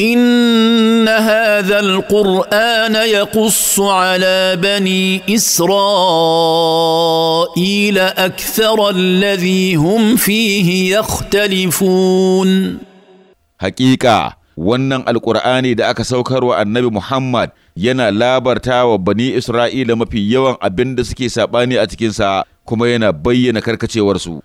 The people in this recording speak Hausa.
ان هذا القران يقص على بني اسرائيل اكثر الذي هم فيه يختلفون حقيقه wannan alkur'ani da aka saukarwa annabi Muhammad yana labarta wa bani Isra'ila mafi yawan abin da suke saɓani a cikinsa kuma yana bayyana karkacewarsu.